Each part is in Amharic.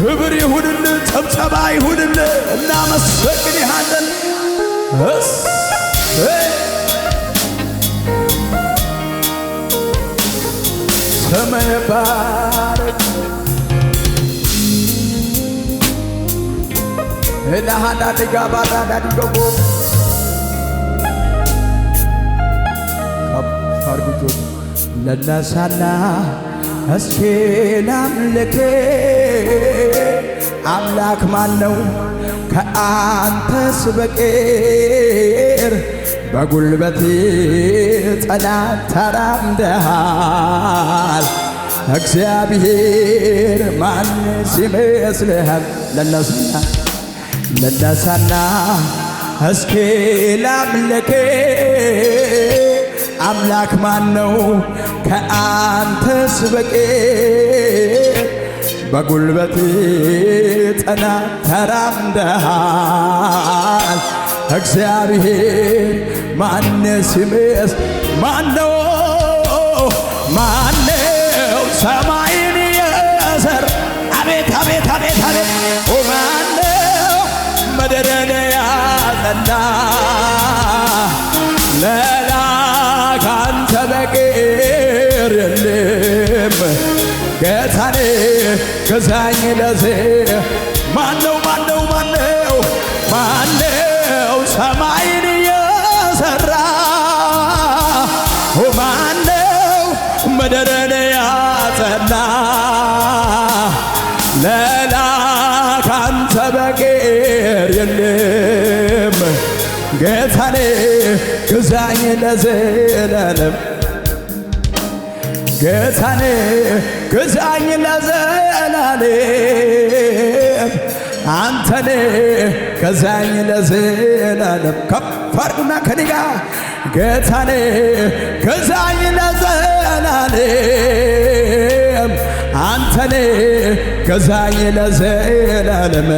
ክብር ይሁንል፣ ጭብጨባ ይሁንልን። እናመሰግንሃለን። ሰማይ ባረክ እላሃዳ ድጋ ባራዳ ዲጎጎ ካርጉጆ ለነሳላ እስኪ ላምልክ አምላክ ማነው ከአንተስ በቀር በጉልበቴ ጠላት ተራምደሃል እግዚአብሔር ማን ይመስልሃል? ለነሳና ለነሳና እስኪ ላምልክ አምላክ ማን ነው! ከአንተስ በቄ በጉልበቴ ጠና ተራምደሃል እግዚአብሔር ማነስ ይምስ ማነው ማነው ሰማይን የሰር አቤት አቤት አቤት አቤት ማነው መደደን ያጸና አልችልም ጌታኔ ገዛኝ ለዚህ ማነው ማነው ማነው ማነው ሰማይን የሰራ ማነው ምድርን ያጸና ሌላ ካንተ በቀር የለም ጌታኔ ገዛኝ ለዘላለም ጌታኔ ግዛኝ ለዘላለም አንተኔ ገዛኝ ለዘላለም ከፍ አድርጉና ከኔ ጋር ጌታኔ ገዛኝ ለዘላለም አንተኔ ገዛኝ ለዘላለም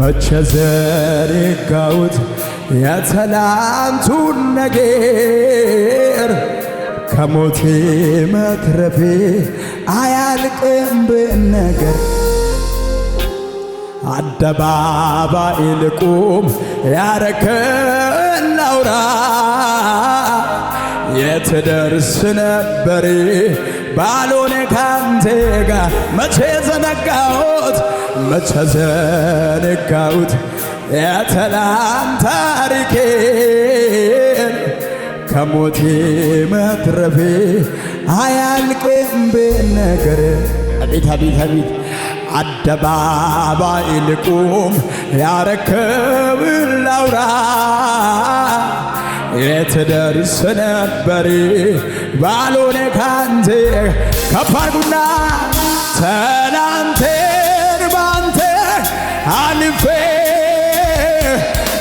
መቼ ዘረጋሁት የትላንቱን ነገ ከሞት መትረፌ አያልቅም ብነገር አደባባይ ልቁም ያረከን ላውራ የትደርስ ነበር ባልሆነ ካንተ ጋር መቼ ዘነጋሁት መቼ ዘነጋሁት የትላንት ታሪኬ ከሞቴ መትረፌ አያልቅም ነገር አቤት አቤት አቤት አደባባይ ልቁም ያረከብን ላውራ የትደርስ ነበር ባልሆነ ካንቴ ከፋርጉና ባንተ አልፌ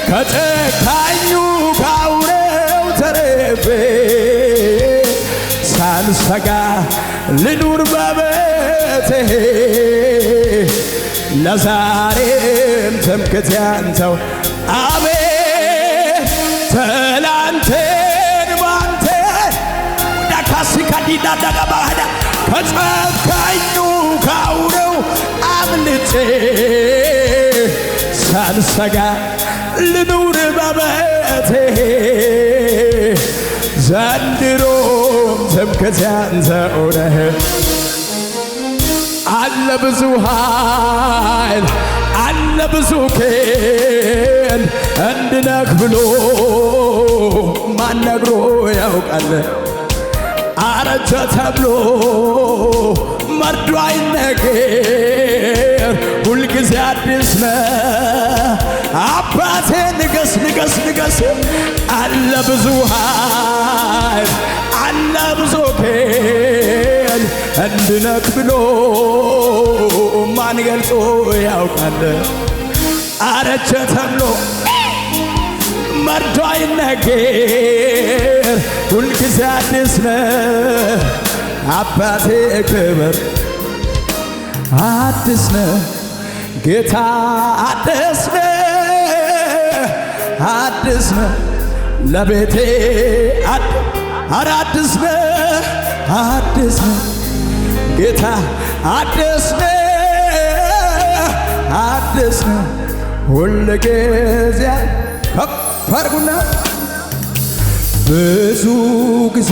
ከጨካኝ በልቤ ሳልሰጋ ልኑር በቤቴ ለዛሬም ትምክት ያንተው አቤ ትላንቴን ባንተ ዳካሲ ከዲዳ ዳቀባህዳ ከጨካኙ ካውሬው አምልጬ ሳልሰጋ ልኑር በቤቴ ዘንድሮ ትምክህቴ አንተ ሆነህ አለ ብዙ ኃይል አለ ብዙ ኬል እንድነህ ብሎ ማነግሮ ያውቃል? አረጀ ተብሎ መርዶ አይነገር ሁልጊዜ አዲስ ነህ አባቴ ንገስ ንገስ ንገስ አለ ብዙ ኃይል አለ ብዙ ኬል እንድነክ ብሎ ማን ገልጾ ያውቃል? አረጀ ተብሎ መርዶ አይነገር ሁልጊዜ አዲስ ነ አባቴ ክብር አዲስ ነ ጌታ አዲስ ነ አዲስ ነው ለቤቴ አዲስ ነው አዲስ ነው ጌታ አዲስ ነው አዲስ ነው ሁል ጊዜ ከፈርጉና ብዙ ጊዜ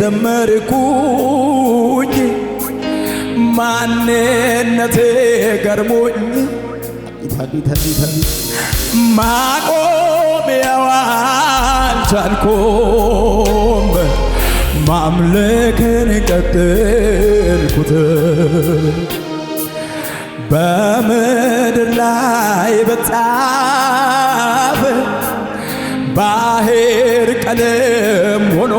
ዘመርኩኝ ማንነቴ ገርሞኝ ማቆ ቢያው አልቻልኩም ማምለክን ቀጥልኩት በምድር ላይ በጣም ባህር ቀለም ሆኖ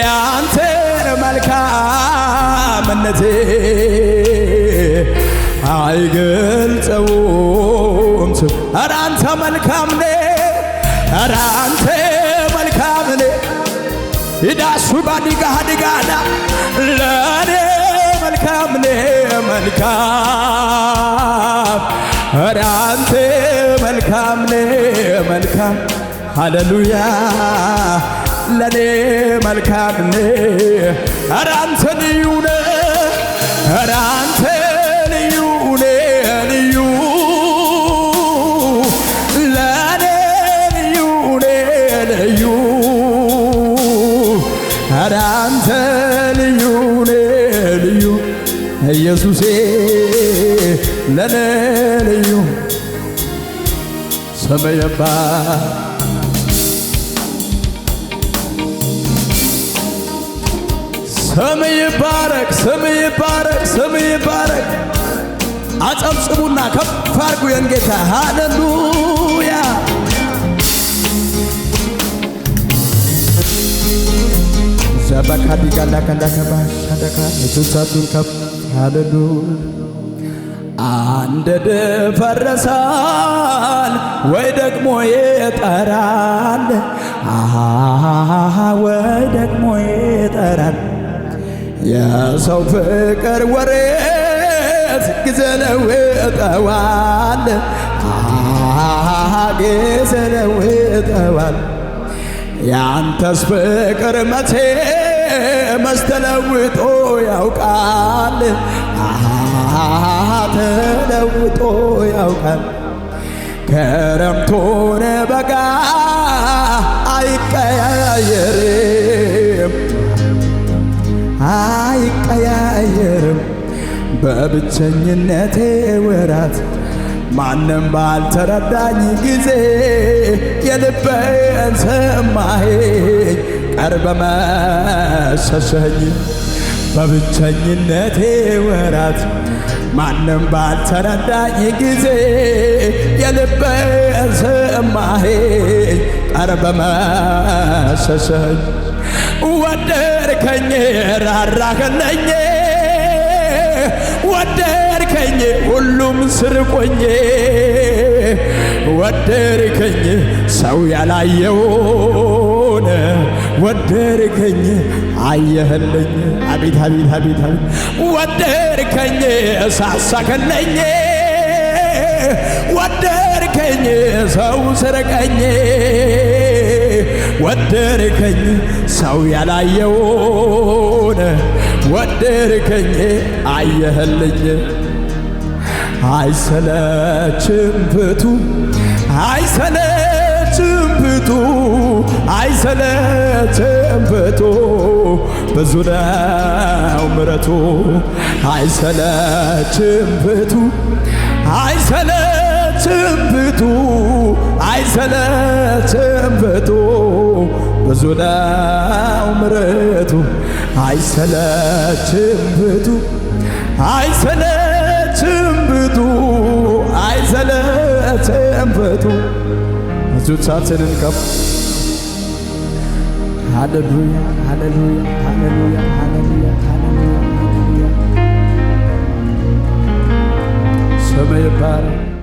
ያንተን መልካምነቴ አይገ ኧረ አንተ መልካም ነ ኧረ አንተ መልካም ነ ይዳሱ ባዲጋህ ዲጋዳ ለኔ መልካም ነ መልካም ኧረ አንተ መልካም ነ መልካም ሃሌሉያ ለኔ መልካም ነ ኧረ አንተ ልዩ ነ ኧረ አንተ ኢየሱሴ ለኔ ልዩ ሰመየባ ስም ይባረክ፣ ስም ይባረክ፣ ስም ይባረክ። አጨብጭቡና ከፍ አርጉ የን ሃሌሉያ። ዘበካ ዲጋላ ከንዳከባ ከንዳካ ከፍ አልሉ አንድ ድፈረሳል ወይ ደግሞ ይጠራል ወይ ደግሞ ይጠራል የሰው ፍቅር ወሬት ጊዜ ለውጠዋል ጊዜ ለውጠዋል ያንተስ ፍቅር መቼ መስተለውጦ ያውቃል ተለውጦ ያውቃል ከረምቶነ በጋ አይቀያየርም አይቀያየርም በብቸኝነቴ ወራት ማንም ባልተረዳኝ ጊዜ የልቤን ሰማኸኝ ቀርበ መሰሰኝ በብቸኝነቴ ወራት ማንም ባልተረዳኝ ጊዜ የልቤ ዝማሄ ቀርበ መሰሰኝ ወደድከኝ ራራህልኝ ወደድከኝ ሁሉም ስር ቆኜ ወደድከኝ ሰው ያላየው ወደድከኝ፣ አየህልኝ። አቤት አቤት አቤት አቤት ወደድከኝ፣ ሳሳከለኝ፣ ወደድከኝ፣ ሰው ስርቀኝ፣ ወደድከኝ፣ ሰው ያላየውን ወደድከኝ፣ አየህልኝ። አይሰለችም ፍቱ አይሰለችም ፍቱ አይሰለትም ፍቱ ብዙ ነው ምረቱ አይሰለችም ፍቱ አይሰለችም ፍቱ አይሰለችም ፍቱ ብዙ ነው ምረቱ አይሰለችም ፍቱ አይሰለችም ፍቱ አይሰለችም ፍቱ እጆቻችንን ከፍ ሃሌሉያ ሃሌሉያ ሃሌሉያ ሃሌሉያ ሃሌሉያ ስምህ ይባረክ።